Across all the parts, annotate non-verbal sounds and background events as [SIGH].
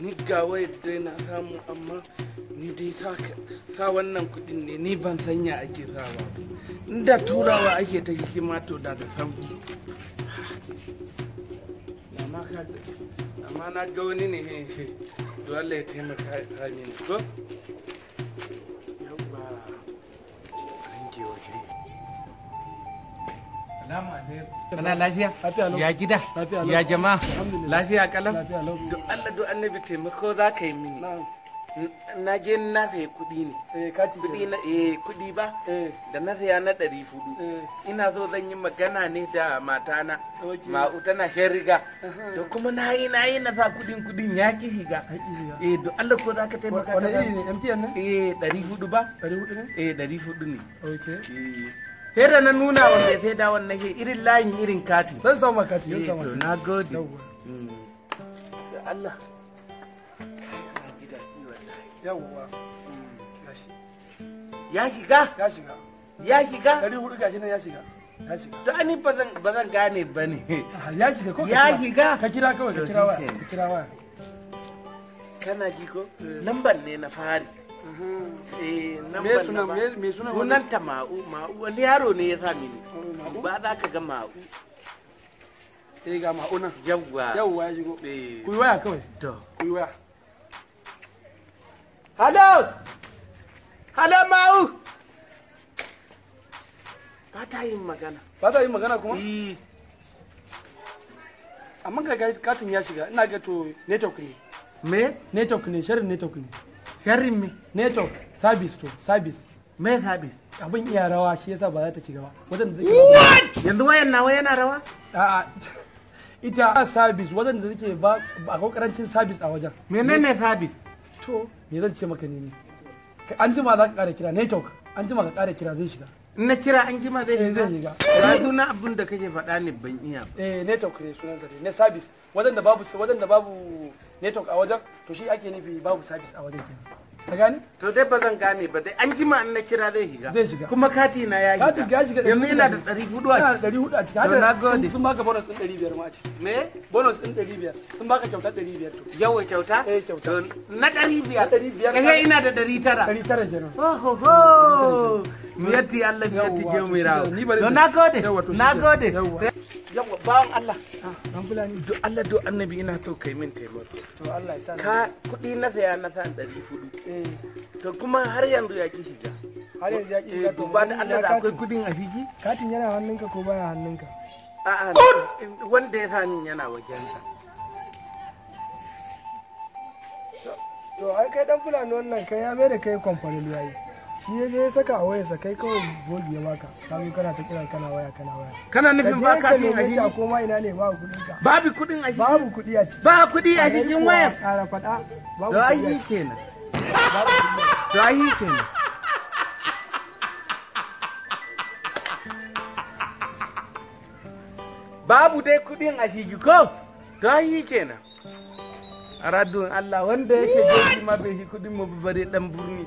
ni ga wayar na samu amma ni dai sa wannan kudin ne ni ban sanya ake sawa inda turawa ake ta hikima to da da sauki [SIGHS] amma na ga wani ne dole ya taimaka ya sami ko Kana lafiya? Ya gida? Ya jama'a? Lafiya kalam? Duk Allah duk annabi taimako za ka yi mini. Na je na kuɗi ne. Eh, kuɗi na eh kuɗi ba? Eh. Da na saya na ɗari fudu. Eh. Ina so zan yi magana ne da matana. Ma'u tana shan riga. Da kuma na yi na yi na sa kuɗin kuɗin ya ki shiga. Eh duk Allah ko za ka taimaka. Wani iri ne? MTN ne? Eh ɗari fudu ba? Ɗari fudu ne? Eh ɗari fudu ne. Okay. sai na nuna wa mai sai da wannan ke irin layin irin kati zan sama kati zan sama eh kati na gode da mm. Allah yawwa ya shiga ya shiga ya shiga dari hudu gashi nan ya shiga ya shiga to ani ba zan gane ba ne. Ah, ya shiga ko ya shiga ka kira kawai ka kira waya ka kira waya kana ji ko eh. lambar ne na fari Eh, me wannan ta ma'u ma'u wani ne ya sa mini ba za ka ga ma'u eh ya shigo eh. waya kawai to waya hello hello ma'u ba ta yin magana ba ta yin magana kuma eh. amma ga katin ya shiga ina ga to network ne me network ne shirin network ne sharrin me neto service to service me service abin iya rawa shi yasa ba za ta ci gaba. wajen da take yanzu wayan nawa yana rawa a'a [LAUGHS] ita a service wajen da take ba a karancin service a wajen menene service to me zan ce maka ne an jima za ka kara kira network an jima ka kara kira zai shiga na kira an jima zai eh, shiga zai shiga ba suna abin da kake faɗa ne ban iya eh network ne sunan sa ne service wajen da babu wajen da babu network a wajen to shi ake nufi babu service a wajen kenan ka gane to dai ba zan gane ba dai an jima an na kira zai shiga zai shiga kuma kati na ya shiga kati ya shiga yanzu da 400 a ina da 400 a ciki hada sun baka bonus din 500 ma ci me bonus din 500 sun baka kyauta 500 to yawa kyauta eh kyauta na 500 500 kai ina da 900 900 kenan ho ho miyati Allah miyati gemira don nagode nagode yawa bawan Allah ah, an fulani do Allah do annabi ina to kai min taimako to Allah ya ka kudi na saya na san 400 eh. to kuma har yanzu ya ki shiga har yanzu ya ki shiga eh, to ba da Allah da akwai kudin a shigi katin yana hannunka ko baya hannunka a'a wanda ya sani yana wajensa to ai kai dan fulani wannan kai ya mai da kai kwamfanin yayi shi ya ne saka a wayarsa kai kawai gogi ya baka ka zo kana ta kira kana waya kana waya kana nufin ba ka jin ahimi a koma ina ne babu kuɗin ka babu kuɗin a babu kuɗi a ciki ba kuɗi a cikin wayar ƙara ba babu kuɗi a ciki kenan ke ahi kenan babu dai kuɗin a ciki ko to ahi kenan a radon Allah wanda yake jirgi ma bai shi kudin mu bare dan burni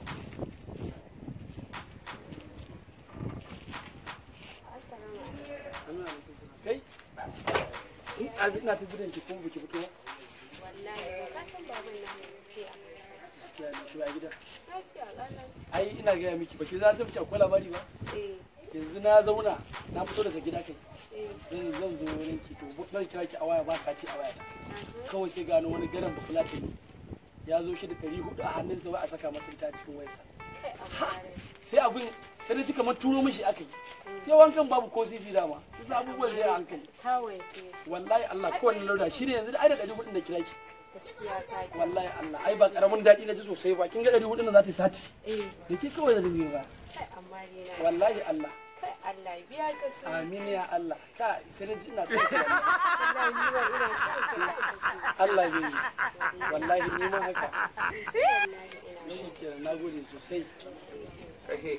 ina ta jiran ki kuma fito wallahi san sai a ai ina gaya miki baki za ta fice akwai labari ba eh. yanzu na zauna na fito daga gida kai zan zo wurin ki to zan kira ki a waya ba ka ci a waya kawai sai gano wani garan bafulata ne ya zo shi da ɗari hudu a hannunsa wai a saka masa ita cikin wayarsa sai abin sai dai kamar turo mishi aka yi sai wankan babu ko sisi dama isa abubuwa zai hankali wallahi Allah kowanne lauda shi ne yanzu da ai da ɗari hudun da kira ki wallahi Allah ai ba karamin daɗi na ji sosai ba kin ga ɗari hudun da za ta sati eh. da ke kawai da dubi ba wallahi Allah Allah biya ka su. Amin ya Allah. Ka sai ina Allah ya Wallahi ni ma haka. Shi nagode sosai. Kake